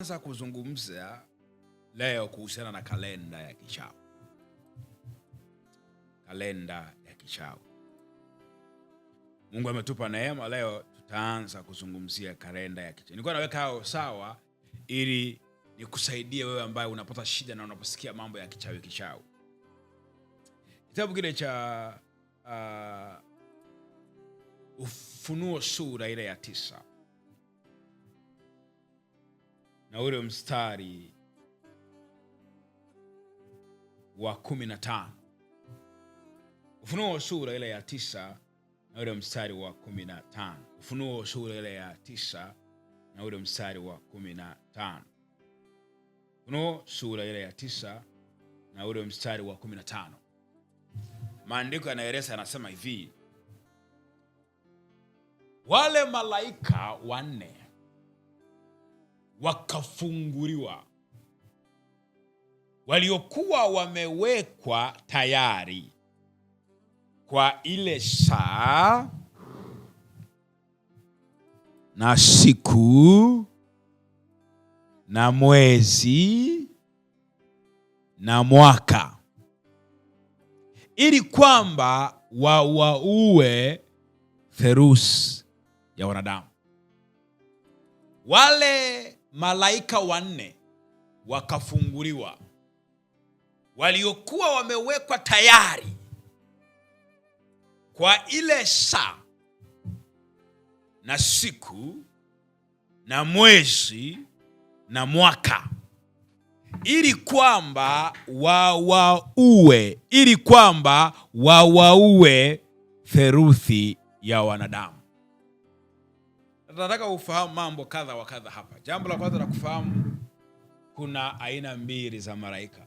Anza kuzungumza leo kuhusiana na kalenda ya kichawi. Kalenda ya kichawi. Mungu ametupa neema leo, tutaanza kuzungumzia kalenda ya kichawi. Nilikuwa naweka hao sawa ili nikusaidie wewe ambaye unapata shida na unaposikia mambo ya kichawi kichawi. Kitabu kile cha uh, Ufunuo sura ile ya tisa na ule mstari wa kumi na tano Ufunuo sura ile ya tisa na ule mstari wa kumi na tano Ufunuo sura ile ya tisa na ule mstari wa kumi na tano Ufunuo sura ile ya tisa na ule mstari wa kumi na tano Maandiko yanaeleza yanasema hivi, wale malaika wanne wakafunguliwa, waliokuwa wamewekwa tayari kwa ile saa na siku na mwezi na mwaka, ili kwamba wawaue ferusi ya wanadamu wale malaika wanne wakafunguliwa, waliokuwa wamewekwa tayari kwa ile saa na siku na mwezi na mwaka, ili kwamba wawaue, ili kwamba wawaue theruthi ya wanadamu tunataka ufahamu mambo kadha wa kadha hapa. Jambo la kwanza la kufahamu, kuna aina mbili za malaika.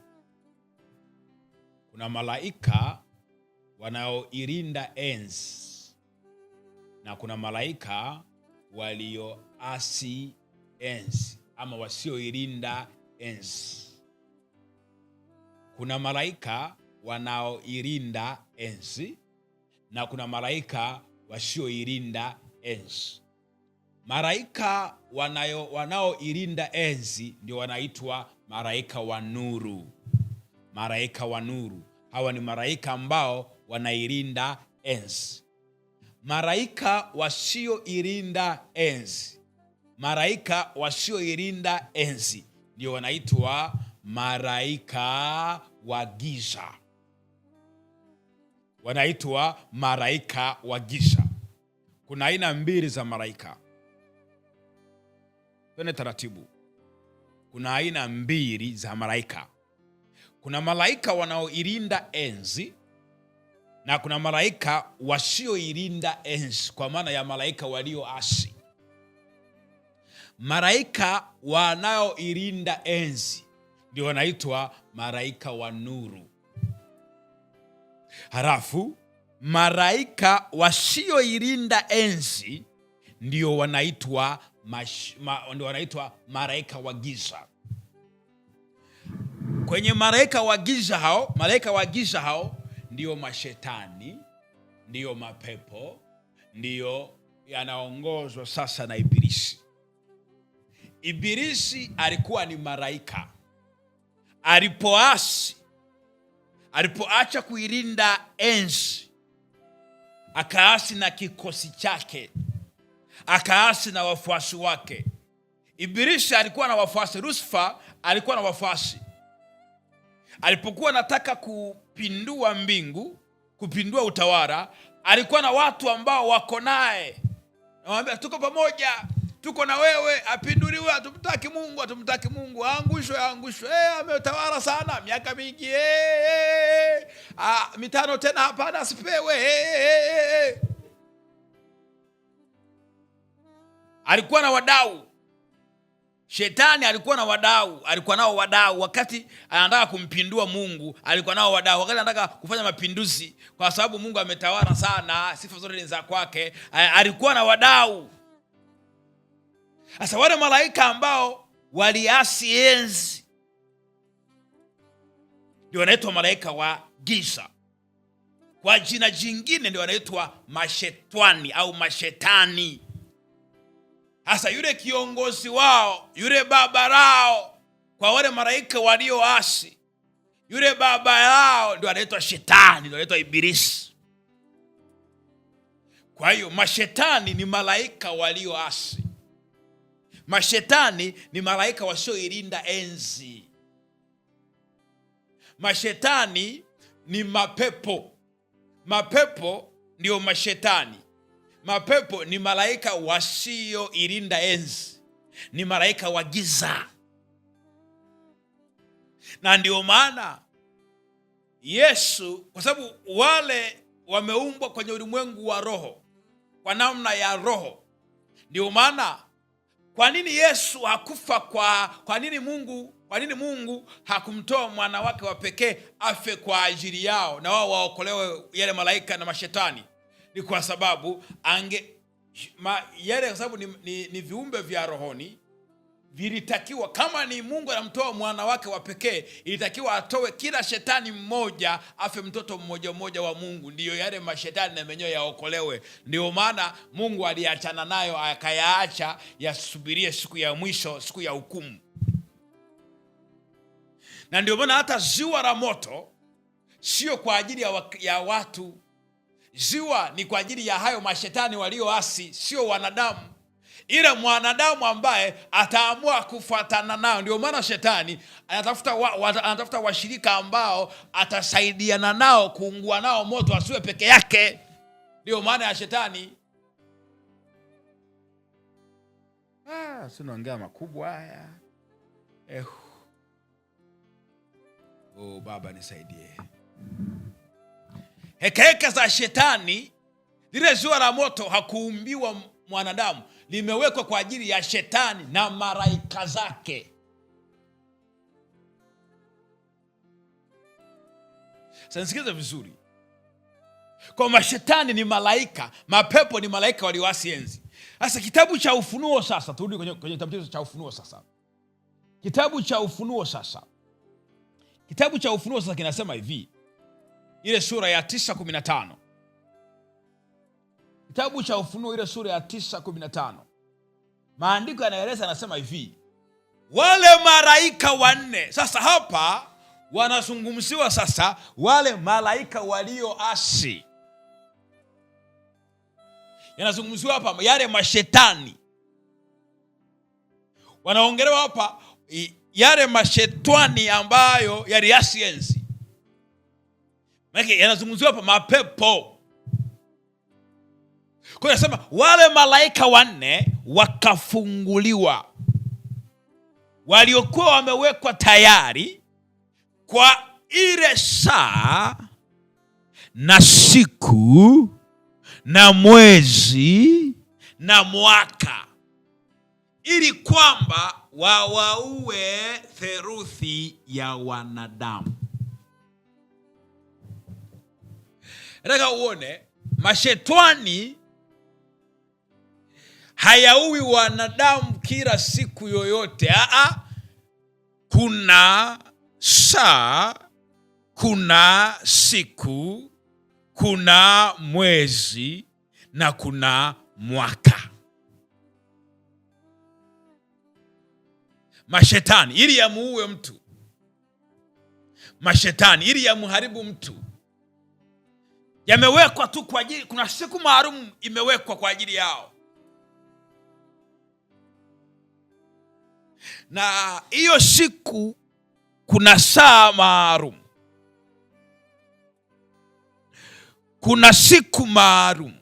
Kuna malaika wanaoilinda enzi na kuna malaika walioasi enzi ama wasioilinda enzi. Kuna malaika wanaoilinda enzi na kuna malaika wasioilinda enzi. Malaika wanaoilinda enzi ndio wanaitwa maraika wa nuru. Maraika wa nuru, hawa ni maraika ambao wanailinda enzi. maraika wasioilinda enzi, maraika wasioilinda enzi ndio wanaitwa maraika wa giza, wanaitwa maraika wa giza. Kuna aina mbili za maraika Twende taratibu. Kuna aina mbili za malaika. Kuna malaika wanaoilinda enzi na kuna malaika wasioilinda enzi, kwa maana ya malaika walioasi. Malaika wanaoilinda enzi ndio wanaitwa malaika wa nuru, halafu malaika wasioilinda enzi ndio wanaitwa ndio wanaitwa malaika wa giza. Kwenye malaika wa giza hao, malaika wa giza hao ndiyo mashetani, ndiyo mapepo, ndiyo yanaongozwa sasa na Ibilisi. Ibilisi alikuwa ni malaika alipoasi, alipoacha kuilinda enzi, akaasi na kikosi chake akaasi na wafuasi wake. Ibilisi alikuwa na wafuasi, Lusifa alikuwa na wafuasi. Alipokuwa anataka kupindua mbingu, kupindua utawala, alikuwa na watu ambao wako naye, nawaambia tuko pamoja, tuko na wewe. Apinduliwe, atumtaki Mungu, atumtaki Mungu, aangushwe, aangushwe. Hey, eh, ametawala sana miaka mingi, hey, eh, eh, hey, hey. Ah, mitano tena hapana, asipewe hey, hey, hey. alikuwa na wadau, shetani alikuwa na wadau, alikuwa nao wadau. Wakati anataka kumpindua Mungu alikuwa nao wadau, wakati anataka kufanya mapinduzi, kwa sababu Mungu ametawala sana, sifa zote ni za kwake, alikuwa na wadau. Sasa wale malaika ambao waliasi enzi ndio wanaitwa malaika wa giza kwa jina jingine ndio wanaitwa mashetwani au mashetani. Hasa yule kiongozi wao, yule baba lao kwa wale malaika walioasi, yule baba yao ndio anaitwa Shetani, ndio anaitwa Ibilisi. Kwa hiyo mashetani ni malaika walioasi, mashetani ni malaika wasioilinda enzi, mashetani ni mapepo, mapepo ndio mashetani. Mapepo ni malaika wasioilinda enzi, ni malaika wa giza, na ndio maana Yesu, kwa sababu wale wameumbwa kwenye ulimwengu wa roho kwa namna ya roho. Ndio maana kwa nini Yesu hakufa kwa, kwa nini Mungu, kwa nini Mungu hakumtoa mwanawake wa pekee afe kwa ajili yao na wao waokolewe, yale malaika na mashetani? ni kwa sababu ange ma, yale kwa sababu ni, ni, ni viumbe vya rohoni vilitakiwa kama ni Mungu anamtoa mwana wake wa pekee, ilitakiwa atoe kila shetani mmoja afe mtoto mmoja mmoja wa Mungu, ndiyo yale mashetani na menyewe yaokolewe. Ndiyo maana Mungu aliachana nayo akayaacha yasubirie siku ya mwisho, siku ya hukumu. Na ndio maana hata ziwa la moto sio kwa ajili ya, wa, ya watu jua ni kwa ajili ya hayo mashetani walioasi, sio wanadamu, ila mwanadamu ambaye ataamua kufuatana nao. Ndio maana shetani anatafuta wa, wa, anatafuta washirika ambao atasaidiana nao kuungua nao moto, asiwe peke yake. Ndio maana ya shetani. Ah, naongea makubwa haya. Eh. Oh, Baba nisaidie hekaheka za shetani. Lile zua la moto hakuumbiwa mwanadamu, limewekwa kwa ajili ya shetani na maraika zake. Sanisikiza vizuri kwa mashetani ni malaika, mapepo ni malaika waliwasi enzi. Sasa kitabu cha Ufunuo sasa, turudi kwenye, kwenye kitabu cha Ufunuo sasa, kitabu cha Ufunuo sasa, kitabu cha Ufunuo sasa kinasema hivi ile sura ya tisa kumi na tano kitabu cha Ufunuo ile sura ya tisa kumi na tano maandiko yanaeleza, anasema hivi wale malaika wanne. Sasa hapa wanazungumziwa sasa wale malaika walioasi, yanazungumziwa hapa yale mashetani wanaongelewa hapa, yale mashetani ambayo yaliasi maana yanazungumziwa hapa mapepo. Kwa hiyo nasema wale malaika wanne wakafunguliwa, waliokuwa wamewekwa tayari kwa ile saa na siku na mwezi na mwaka, ili kwamba wawaue theruthi ya wanadamu. nataka uone mashetwani hayaui wanadamu kila siku yoyote. Aa, kuna saa, kuna siku, kuna mwezi na kuna mwaka. Mashetani ili yamuue mtu, mashetani ili yamharibu mtu yamewekwa tu kwa ajili, kuna siku maalum imewekwa kwa ajili yao, na hiyo siku kuna saa maalum, kuna siku maalum,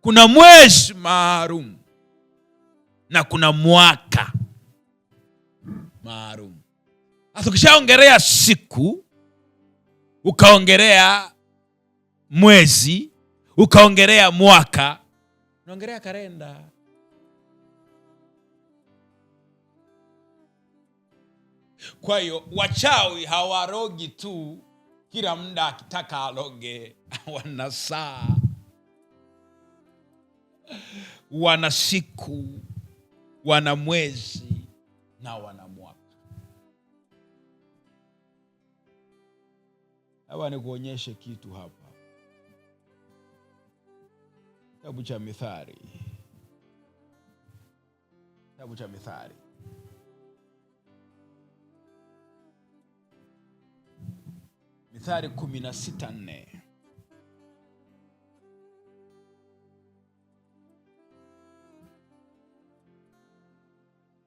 kuna mwezi maalum na kuna mwaka maalum. Hasa ukishaongelea siku ukaongelea mwezi, ukaongelea mwaka, unaongelea kalenda. Kwa hiyo wachawi hawarogi tu kila muda akitaka aroge, wana saa, wana siku, wana mwezi na wana Labda nikuonyeshe kitu hapa, kitabu cha Mithali, kitabu cha Mithali Mithali kumi na sita nne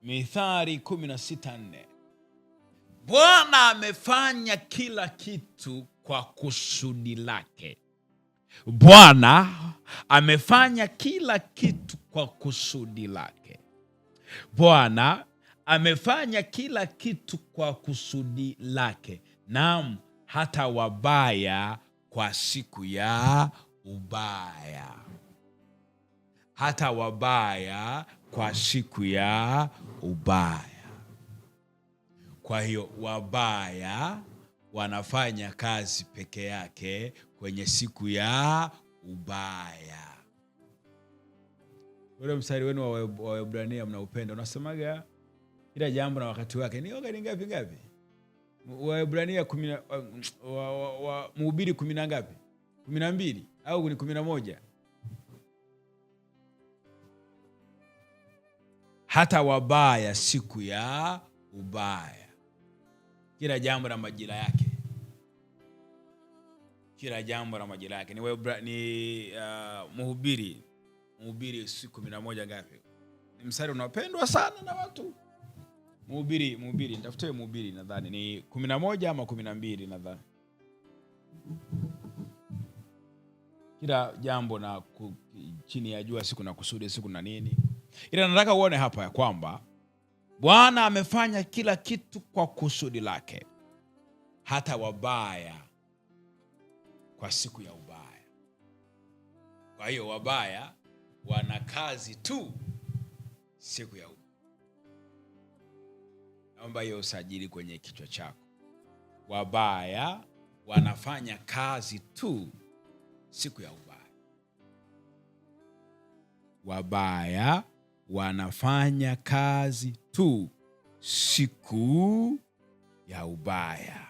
Mithali kumi na sita nne Bwana amefanya kila kitu kwa kusudi lake. Bwana amefanya kila kitu kwa kusudi lake. Bwana amefanya kila kitu kwa kusudi lake, naam, hata wabaya kwa siku ya ubaya, hata wabaya kwa siku ya ubaya. Kwa hiyo wabaya wanafanya kazi peke yake kwenye siku ya ubaya. Ule mstari wenu wa Waebrania mnaupenda, unasemaga kila jambo na wakati wake. Ni wakati ngapi ngapi? Waebrania Mhubiri kumi na ngapi? kumi na mbili au ni kumi na moja? Hata wabaya siku ya ubaya kila jambo na majira yake, kila jambo na majira yake. Ni, ni uh, Mhubiri, Mhubiri siku kumi na moja ngapi? Ni msari unapendwa sana na watu. Mhubiri, Mhubiri, nitafutie Mhubiri, nadhani ni kumi na moja ama kumi na mbili nadhani kila jambo na ku, chini ya jua siku na kusudi siku na nini, ila nataka uone hapa ya kwamba Bwana amefanya kila kitu kwa kusudi lake, hata wabaya kwa siku ya ubaya. Kwa hiyo wabaya wana kazi tu siku ya ubaya. Naomba hiyo usajili kwenye kichwa chako, wabaya wanafanya kazi tu siku ya ubaya. Wabaya wanafanya kazi tu siku ya ubaya.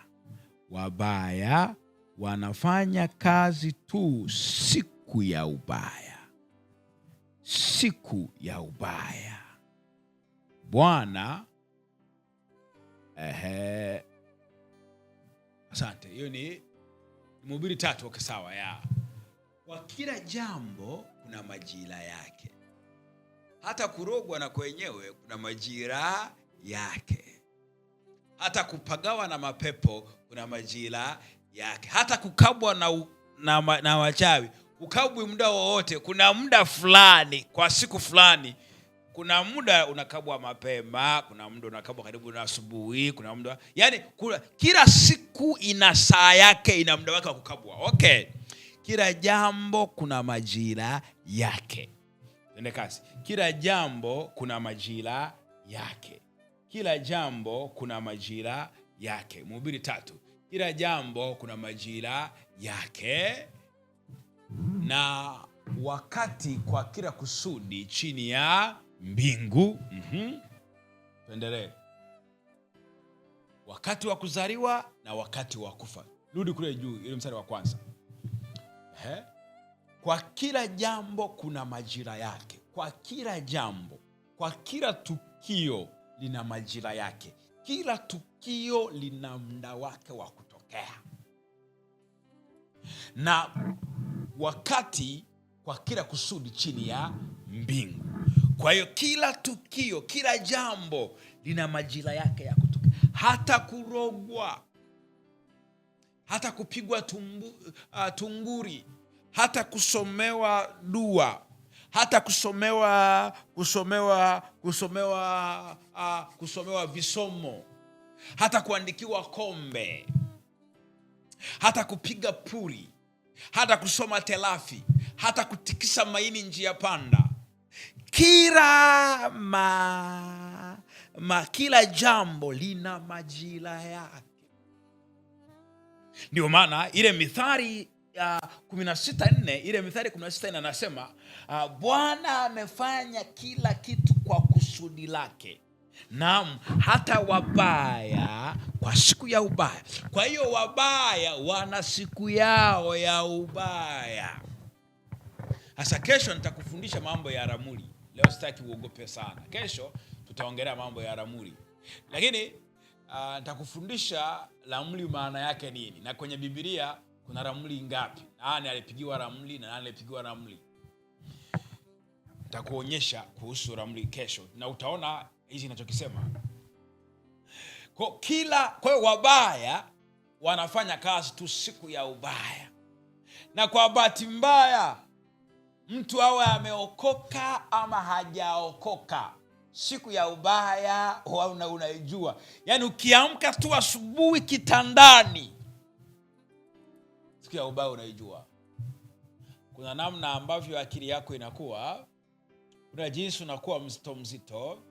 Wabaya wanafanya kazi tu siku ya ubaya, siku ya ubaya. Bwana ehe, asante. Hiyo ni mubiri tatu. wakesawa ya kwa kila jambo kuna majira yake. Hata kurogwa na kwenyewe kuna majira yake, hata kupagawa na mapepo kuna majira yake, hata kukabwa na, na, na wachawi ukabwi muda wowote. Kuna muda fulani kwa siku fulani, kuna muda unakabwa mapema, kuna muda unakabwa karibu na asubuhi, kuna muda yani, kula, kila siku ina saa yake, ina muda wake wa kukabwa. Okay, kila jambo kuna majira yake. Ende kasi. Kila jambo kuna majira yake, kila jambo kuna majira yake. Mhubiri tatu, kila jambo kuna majira yake na wakati kwa kila kusudi chini ya mbingu. mm -hmm. Tuendelee. Wakati wa kuzaliwa na wakati wa kufa. Rudi kule juu, ile mstari wa kwanza. Ehe. Kwa kila jambo kuna majira yake, kwa kila jambo, kwa kila tukio lina majira yake, kila tukio lina muda wake wa kutokea, na wakati kwa kila kusudi chini ya mbingu. Kwa hiyo kila tukio, kila jambo lina majira yake ya kutokea, hata kurogwa, hata kupigwa tumbu, uh, tunguri hata kusomewa dua hata kusomewa kusomewa kusomewa uh, kusomewa visomo hata kuandikiwa kombe hata kupiga puri hata kusoma telafi hata kutikisa maini njia panda kila ma, ma kila jambo lina majira yake. Ndio maana ile mithari kumi na ile Mithali 164 anasema uh, Bwana amefanya kila kitu kwa kusudi lake, naam, hata wabaya kwa siku ya ubaya. Kwa hiyo wabaya wana siku yao ya ubaya. Sasa kesho nitakufundisha mambo ya ramuri. Leo sitaki uogope sana, kesho tutaongelea mambo ya ramuri, lakini uh, nitakufundisha ramuli maana yake nini, na kwenye Biblia kuna ramli ngapi, nani alipigiwa ramli na nani alipigiwa ramli. Nitakuonyesha kuhusu ramli kesho, na utaona hizi ninachokisema. Kwa kila kwa wabaya wanafanya kazi tu siku ya ubaya, na kwa bahati mbaya mtu awe ameokoka ama hajaokoka, siku ya ubaya unaijua. Yaani ukiamka tu asubuhi kitandani siku ya unaijua. Kuna namna ambavyo akili yako inakuwa, kuna jinsi unakuwa mzito mzito,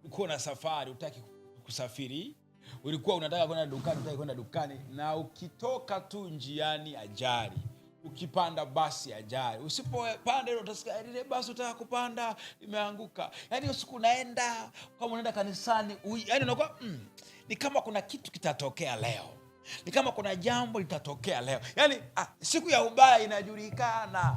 ulikuwa na safari, utaki kusafiri, ulikuwa unataka kwenda dukani, utaki kwenda dukani, na ukitoka tu njiani ajari ukipanda basi ajari usipopanda ile utasikia eh, lile basi utaka kupanda limeanguka. Yani usiku unaenda kama unaenda kanisani, yani unakuwa mm, ni kama kuna kitu kitatokea leo. Ni kama kuna jambo litatokea leo, yaani ah, siku ya ubaya inajulikana.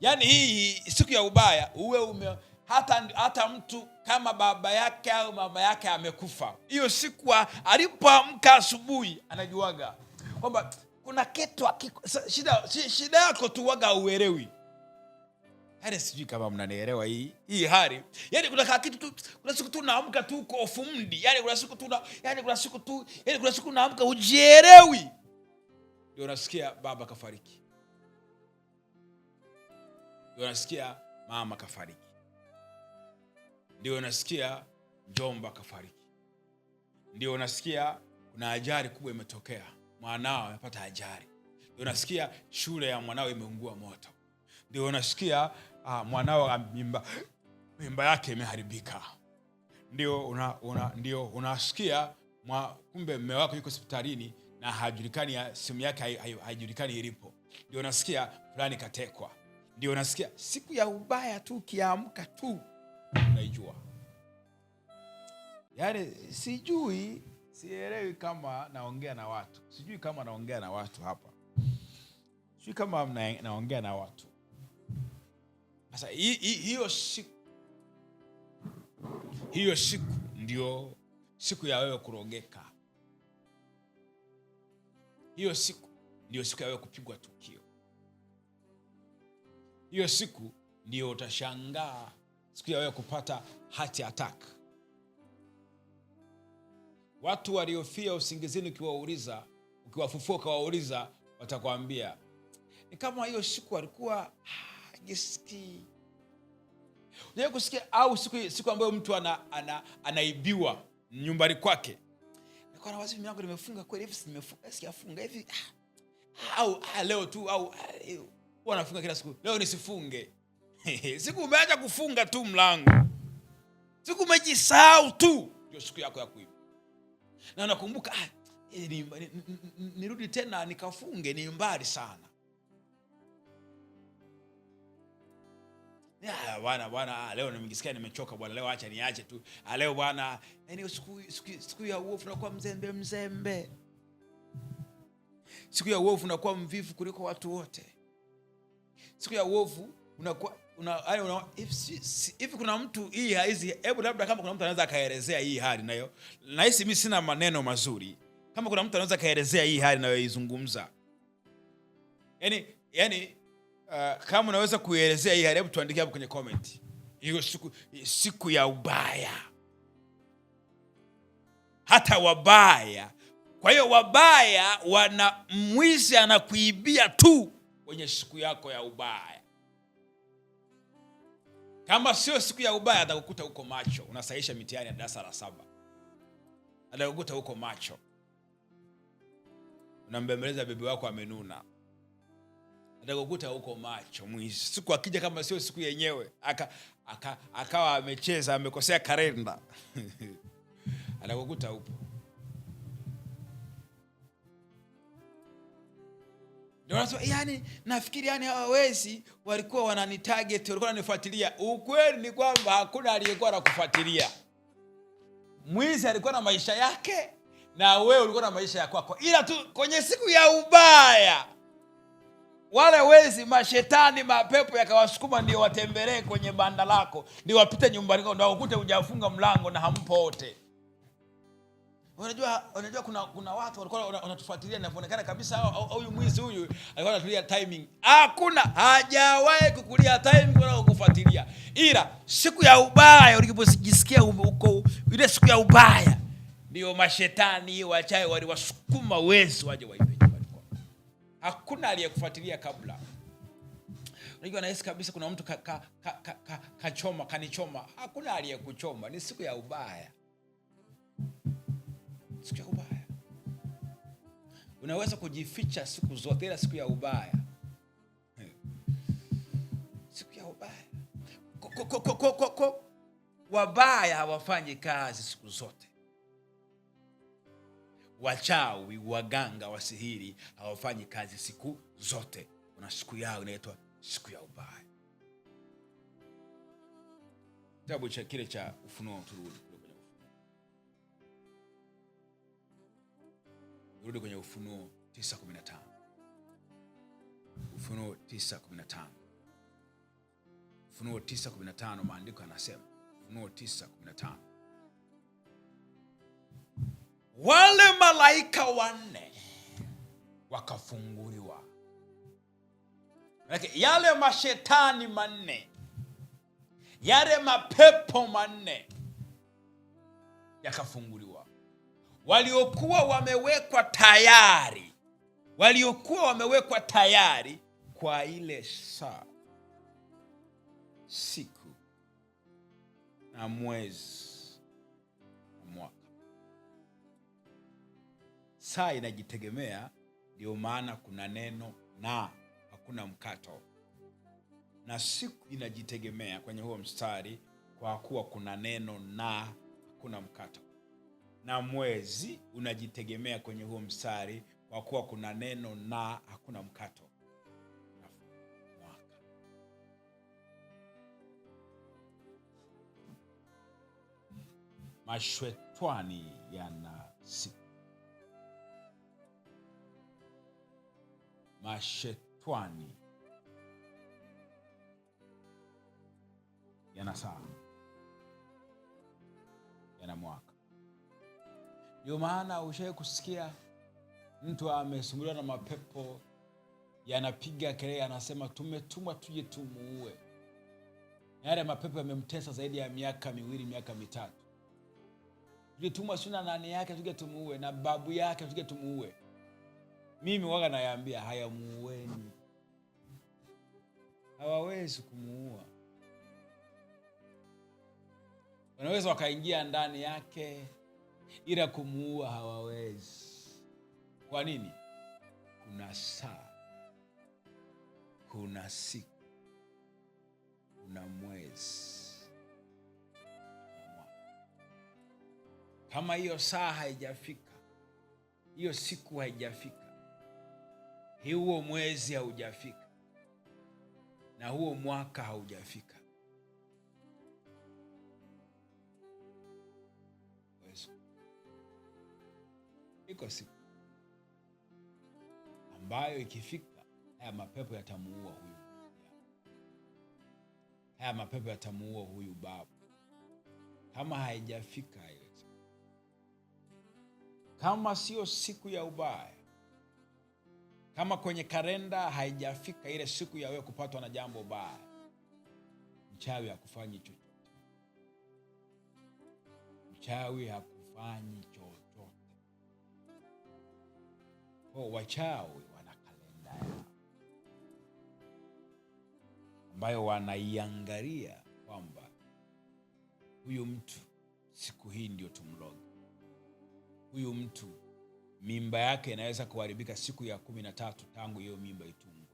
Yaani hii siku ya ubaya uwe ume hata, hata mtu kama baba yake au mama yake amekufa, hiyo siku alipoamka asubuhi anajuaga kwamba kuna kitu shida, shida yako tuwaga auelewi yaani sijui kama mnanielewa hii hii hali yaani kuna kitu tu kuna siku tu naamka tu uko off mdi yaani kuna siku tu na, yaani kuna siku tu yaani kuna siku naamka ujielewi ndio unasikia baba kafariki ndio unasikia mama kafariki ndio unasikia mjomba kafariki ndio unasikia kuna ajali kubwa imetokea mwanao amepata ajali ndio unasikia shule ya mwanao imeungua moto ndio unasikia ah, mwanao mimba, mimba yake imeharibika. Ndio una, una, ndio unasikia mwa, kumbe mme wako yuko hospitalini na hajulikani ya, simu yake haijulikani ilipo. Ndio unasikia fulani katekwa. Ndio unasikia siku ya ubaya tu, ukiamka tu unaijua yaani, sijui sielewi kama naongea na watu, sijui kama naongea na watu hapa, sijui kama naongea na watu sasa hiyo siku hiyo siku ndio siku ya wewe kurogeka, hiyo siku ndio siku ya wewe kupigwa tukio, hiyo siku ndio utashangaa, siku ya wewe kupata hati attack. Watu waliofia usingizini, ukiwauliza, ukiwafufua ukawauliza, watakwambia ni kama hiyo siku walikuwa ah, hajisikii. Unajua kusikia au siku, siku ambayo mtu ana, ana, anaibiwa nyumbani kwake, nilikuwa na nimefunga kweli hivi, sijafunga hivi ah, au ah, leo tu au ah, huwa nafunga kila siku, leo nisifunge. siku umeacha kufunga tu mlango, siku umejisahau tu, ndio siku yako ya kuiba. Na nakumbuka eh, nirudi tena nikafunge, ni mbali sana bwana bwana, ah, leo nimejisikia nimechoka bwana, leo acha niache tu ah, leo bwana. Yani siku siku ya uofu unakuwa mzembe mzembe, siku ya uofu unakuwa mvivu kuliko watu wote, siku ya uofu unakuwa una, yaani una, if kuna mtu hii hizi, hebu labda kama kuna mtu anaweza akaelezea hii hali nayo, nahisi mimi sina maneno mazuri. Kama kuna mtu anaweza akaelezea hii hali nayoizungumza, yani yani Eh, kama unaweza kuielezea hii hebu tuandike hapo kwenye comment. Hiyo siku, siku ya ubaya, hata wabaya. Kwa hiyo wabaya wana mwizi anakuibia tu kwenye siku yako ya ubaya. Kama sio siku ya ubaya, atakukuta huko macho unasahisha mitihani ya darasa la saba, atakukuta huko macho unambembeleza bibi wako amenuna nitakukuta huko macho mwizi. Siku akija kama sio siku yenyewe, akawa aka, aka amecheza amekosea kalenda atakukuta huko. yani, nafikiri yani hawa wezi walikuwa wanani target, walikuwa wananifuatilia. Ukweli ni kwamba hakuna aliyekuwa anakufuatilia. Mwizi alikuwa na maisha yake na wewe ulikuwa na maisha ya kwako, ila tu kwenye siku ya ubaya wale wezi mashetani mapepo yakawasukuma ndio watembelee kwenye banda lako, ndio wapite nyumbani kwako, ndio wakute hujafunga mlango na hampo wote. Unajua, unajua kuna, kuna watu walikuwa wanatufuatilia inavyoonekana kabisa, huyu mwizi huyu alikuwa anatulia timing. Hakuna, hajawahi kukulia timing wala kukufuatilia, ila siku ya ubaya ulipojisikia uko ile siku ya ubaya, ndio mashetani wachawi waliwasukuma wezi waje waibe hakuna aliyekufuatilia kabla unajua nahisi kabisa kuna mtu kachoma ka, ka, ka, ka, ka kanichoma hakuna aliyekuchoma ni siku ya ubaya siku ya ubaya unaweza kujificha siku zote ila siku ya ubaya siku ya ubaya ko, ko, ko, ko, ko, ko. wabaya hawafanyi kazi siku zote wachawi, waganga, wasihiri hawafanyi kazi siku zote. Kuna siku yao inaitwa siku ya ubaya. Kitabu cha kile cha Ufunuo, turudi turudi kwenye Ufunuo 9:15. Ufunuo 9:15. Ufunuo 9:15, maandiko yanasema, Ufunuo 9:15 wale malaika wanne wakafunguliwa. Yale mashetani manne, yale mapepo manne yakafunguliwa, waliokuwa wamewekwa tayari, waliokuwa wamewekwa tayari kwa ile saa, siku na mwezi saa inajitegemea. Ndio maana kuna neno na, hakuna mkato, na siku inajitegemea kwenye huo mstari, kwa kuwa kuna neno na, hakuna mkato, na mwezi unajitegemea kwenye huo mstari, kwa kuwa kuna neno na, hakuna mkato. Mashwetwani yana siku mashetani yana saa yana mwaka. Ndio maana ushae kusikia mtu amesumbuliwa na mapepo yanapiga kelee anasema tumetumwa tuje tumuue. Yale mapepo yamemtesa zaidi ya miaka miwili, miaka mitatu. Tulitumwa sio na nani yake tuje tumuue, na babu yake tuje tumuue mimi waga nayambia haya, muweni. Hawawezi kumuua, wanaweza wakaingia ndani yake, ila kumuua hawawezi. Kwa nini? Kuna saa, kuna siku, kuna mwezi. Kama hiyo saa haijafika, hiyo siku haijafika hii, huo mwezi haujafika na huo mwaka haujafika. Iko siku ambayo ikifika, haya mapepo yatamuua huyu, haya mapepo yatamuua huyu baba, kama haijafika hiyo, kama sio siku ya ubaya kama kwenye kalenda haijafika ile siku ya wewe kupatwa na jambo baya, mchawi hakufanyi chochote. Mchawi hakufanyi chochote. Kwa wachawi wana kalenda yao ambayo wanaiangalia kwamba huyu mtu siku hii ndio tumloge, huyu mtu mimba yake inaweza kuharibika siku ya kumi na tatu tangu hiyo mimba itungwe,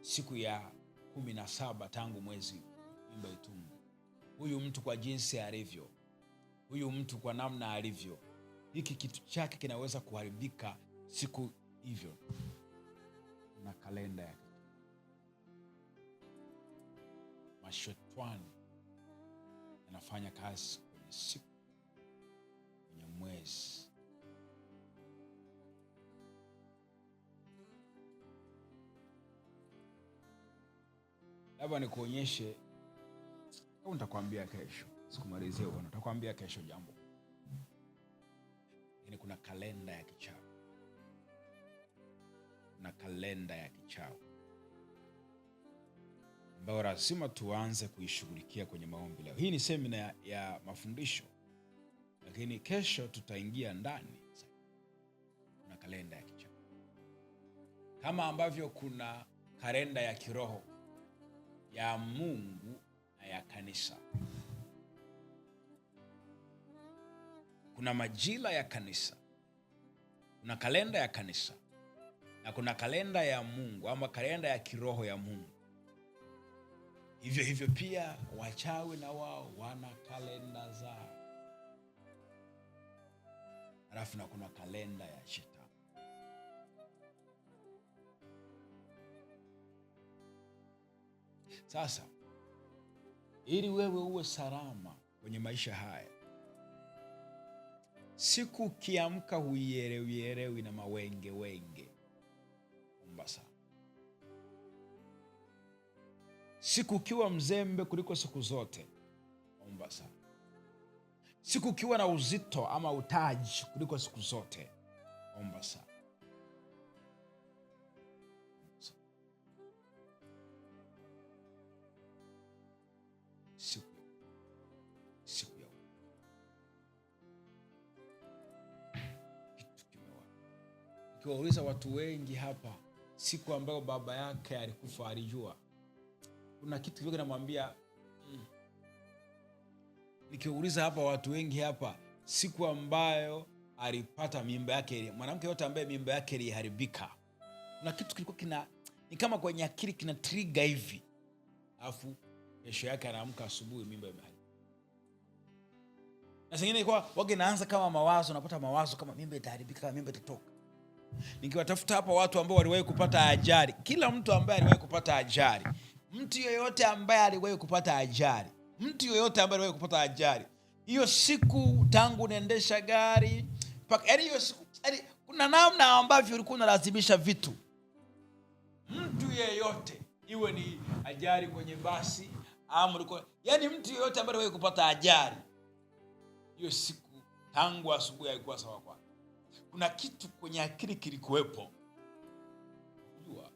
siku ya kumi na saba tangu mwezi mimba itungwe. Huyu mtu kwa jinsi alivyo, huyu mtu kwa namna alivyo, hiki kitu chake kinaweza kuharibika siku hivyo na kalenda yake mashetwani yanafanya kazi kwenye siku, kwenye mwezi labda nikuonyeshe au nitakwambia kesho, sikumalizia huko, nitakwambia kesho jambo. Yaani kuna kalenda ya kichawi na kalenda ya kichawi ambayo lazima tuanze kuishughulikia kwenye maombi leo. Hii ni semina ya, ya mafundisho, lakini kesho tutaingia ndani. Kuna kalenda ya kichawi kama ambavyo kuna kalenda ya kiroho ya Mungu na ya kanisa. Kuna majira ya kanisa, kuna kalenda ya kanisa na kuna kalenda ya Mungu ama kalenda ya kiroho ya Mungu. Hivyo hivyo pia wachawi na wao wana kalenda zao, halafu na kuna kalenda ya shetani. Sasa ili wewe uwe salama kwenye maisha haya, siku ukiamka huielewielewi na mawenge wenge, omba sana. Siku ukiwa mzembe kuliko siku zote, omba sana. Siku ukiwa na uzito ama utaji kuliko siku zote, omba sana. Ukiwauliza watu wengi hapa, siku ambayo baba yake alikufa alijua? Kuna kitu kidogo namwambia mm. Nikiuliza hapa watu wengi hapa, siku ambayo alipata mimba yake, mwanamke yote ambaye mimba yake iliharibika, kuna kitu kilikuwa kina ni kama kwenye akili kina triga hivi, alafu kesho yake anaamka asubuhi, mimba imeharibika na zingine ilikuwa wage naanza kama mawazo, napata mawazo kama mimba itaharibika, kama mimba itatoka nikiwatafuta hapa watu ambao waliwahi kupata ajali, kila mtu ambaye aliwahi kupata ajali, mtu yoyote ambaye aliwahi kupata ajali, mtu yoyote ambaye aliwahi kupata ajali, hiyo siku tangu unaendesha gari mpaka yani hiyo siku, yani, kuna namna ambavyo ulikuwa unalazimisha vitu. Mtu yeyote, iwe ni ajali kwenye basi ama ulikuwa yaani, mtu yoyote ambaye aliwahi kupata ajali, hiyo siku tangu asubuhi haikuwa sawa kwake kuna kitu kwenye akili kilikuwepo, jua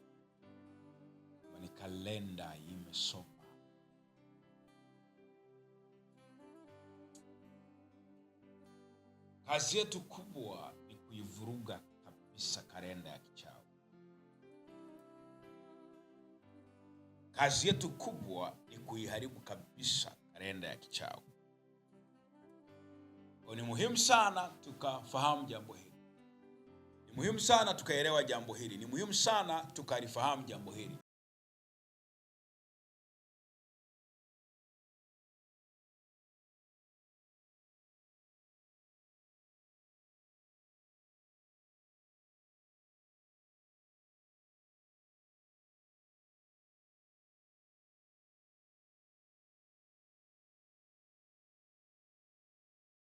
ni kalenda imesoma. Kazi yetu kubwa ni kuivuruga kabisa kalenda ya kichawi. Kazi yetu kubwa ni kuiharibu kabisa kalenda ya kichawi. Ni muhimu sana tukafahamu jambo hili. Muhimu sana tukaelewa jambo hili, ni muhimu sana tukalifahamu jambo hili.